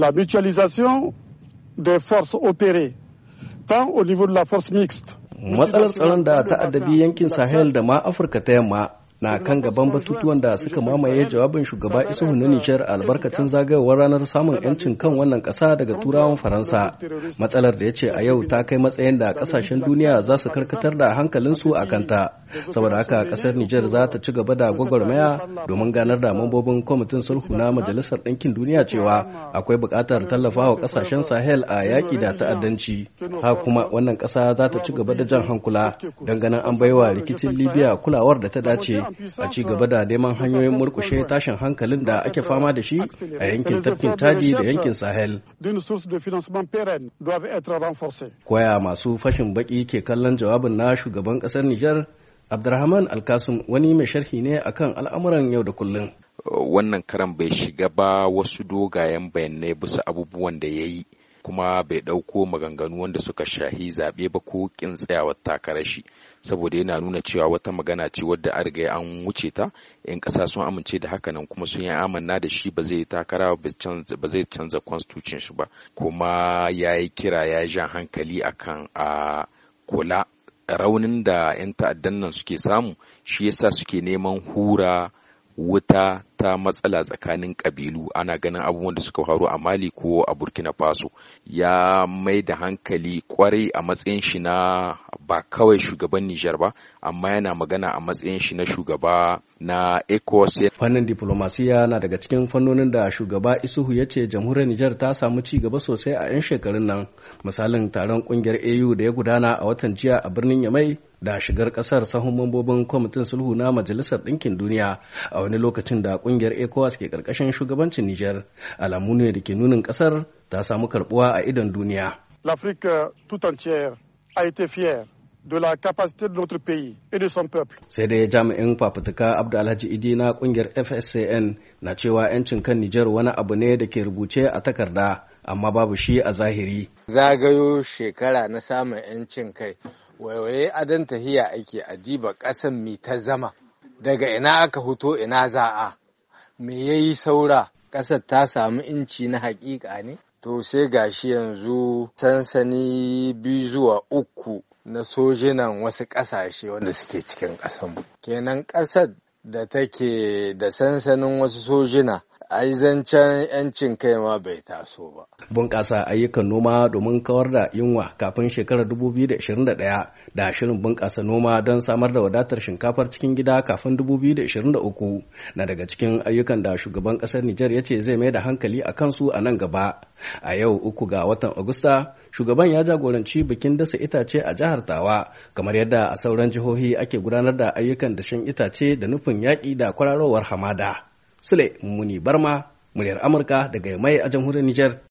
la mutualisation des forces opérées, tant au niveau de la force mixte matsalar tsaron da ta addabi yankin sahel da ma afirka ta yamma na kan gaban batutuwan da suka mamaye jawabin shugaba Isuhu na Nijar albarkacin zagayowar ranar samun 'yancin kan wannan kasa daga turawan Faransa. Matsalar da ya ce a yau ta kai matsayin da ƙasashen duniya za su karkatar da hankalinsu a kanta. Saboda haka ƙasar Nijar za ta ci gaba da gwagwarmaya domin ganar da mambobin kwamitin sulhu na Majalisar Ɗinkin Duniya cewa akwai buƙatar tallafa wa ƙasashen Sahel a yaƙi da ta'addanci. Ha kuma wannan ƙasa za ta ci gaba da jan hankula don ganin an baiwa rikicin Libya kulawar da ta dace a ci gaba da neman hanyoyin murkushe tashin hankalin da ake fama da shi a yankin tafkin taji da yankin sahel koya masu fashin baki ke kallon jawabin na shugaban kasar nijar abdurrahman alkasim wani mai sharhi ne akan al'amuran yau da kullum wannan karan bai shiga ba wasu dogayen bayanai bisa abubuwan da ya yi kuma bai ɗauko maganganu wanda suka shahi zaɓe ba ko ƙin tsayawar takarar shi saboda yana nuna cewa wata magana ce wadda an riga an wuce ta in ƙasa sun amince da haka nan kuma sun yi amanna da shi ba zai takara ba zai canza constitution shi ba kuma ya yi kira ya jan hankali akan a kula raunin da 'yan ta'addan nan suke samu shi yasa suke neman hura wuta ta matsala tsakanin kabilu ana ganin abubuwan da suka faru a mali ko a burkina faso ya mai da hankali kwarai a matsayin shi na ba kawai shugaban nijar ba amma yana magana a matsayin shi na shugaba na ecos fannin diplomasiya na daga cikin fannonin da shugaba isuhu ya ce jamhuriyar nijar ta samu ci gaba sosai a 'yan shekarun nan misalin taron kungiyar au da ya gudana a watan jiya a birnin yamai da shigar kasar sahun mambobin kwamitin sulhu na majalisar ɗinkin duniya a wani lokacin da kungiyar ecowas ke ƙarƙashin shugabancin niger alamu ne da ke nunin kasar ta samu karbuwa a idon duniya l'afrique tout entière la capacité de notre pays son peuple. Sai dai jami'in fafutuka Abdu Alhaji Idi na kungiyar FSCN na cewa 'yancin kan Nijar wani abu ne da ke rubuce a takarda amma babu shi a zahiri. Zagayo shekara na samun 'yancin kai waiwaye adon tahiya ake ajiba ƙasan mi ta zama daga ina aka huto ina za a me ya yi saura ƙasar ta samu inci na haƙiƙa ne to sai gashi yanzu sansani biyu zuwa uku na sojinan wasu ƙasashe wanda suke cikin ƙasanmu kenan ƙasar da take da sansanin wasu sojina ai zancen 'yancin kai ma bai taso ba. Bunƙasa ayyukan noma domin kawar da yunwa kafin shekarar 2021 da shirin bunƙasa noma don samar da wadatar shinkafar cikin gida kafin 2023 na daga cikin ayyukan da shugaban ƙasar Nijar ya ce zai mai da hankali a kansu a nan gaba. A yau uku ga watan Agusta, shugaban ya jagoranci bikin dasa itace a jihar Tawa, kamar yadda a sauran jihohi ake gudanar da ayyukan dashen itace da nufin yaƙi da kwararowar hamada. Sule Muni Barma, muryar Amurka daga mai a jamhuriyar Nijar.